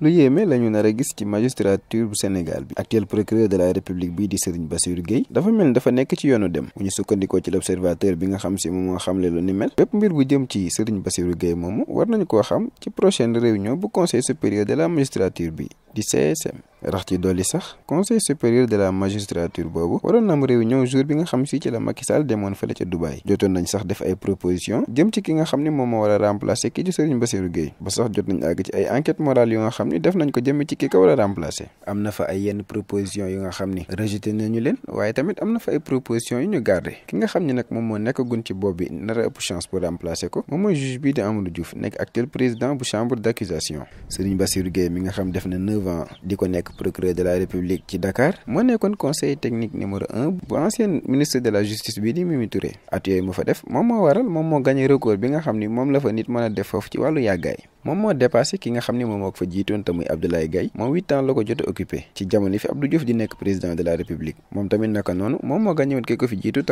lu yéeme lañu nar a gis ci magistrature bu Sénégal bi actuel procureur de la république bi di Serigne Bassirou Gueye dafa mel ni dafa nekk ci yoonu dem bu ñu sukkandikoo ci l'observateur bi nga xam si moom moo xamle lu ni mel bépp mbir bu jëm ci Serigne Bassirou Gueye moomu war nañu koo xam ci prochaine réunion bu conseil supérieur de la magistrature bi di CSM rax ci dolli sax conseil supérieur de la magistrature boobu waroon na am réunion jour bi nga xam si ci la Macky Sall demoon fële ca Dubaï jotoon nañ sax def ay proposition jëm ci ki nga xam ne moom moo war a remplacer kii di Serigne Bassirou Gueye ba nga xam ni def nañ na fa ay yenn nañu leen waaye tamit am na fa ay proposition yu ñu gardé ki nga xam ne nag moom moo nekkagun ci bopp bi nar ëpp chance pour remplacer ko moom mooy juge bii di Amadou Diouf nekk actuel président bu chambre d' accusation Serigne Bassirou nga xam def na ko nekk procureur de la république ci Dakar moo nekkoon conseil technique numéro un bu ancien ministre de la justice bii di Mimi Touré at yooyu mu fa moom moo waral moom moo gagné recours bi nga xam ni moom la fa nit mën a def foofu ci wàllu yàggaay moom moo dépassé ki nga xam ni moom moo ko fa jiitoon te muy Abdoulaye Gaye moom huit ans la ko jot a occupé ci jamono fi Abdou Diouf di nekk président de la république moom tamit naka noonu moom moo gagné woon ki ko fi jiitu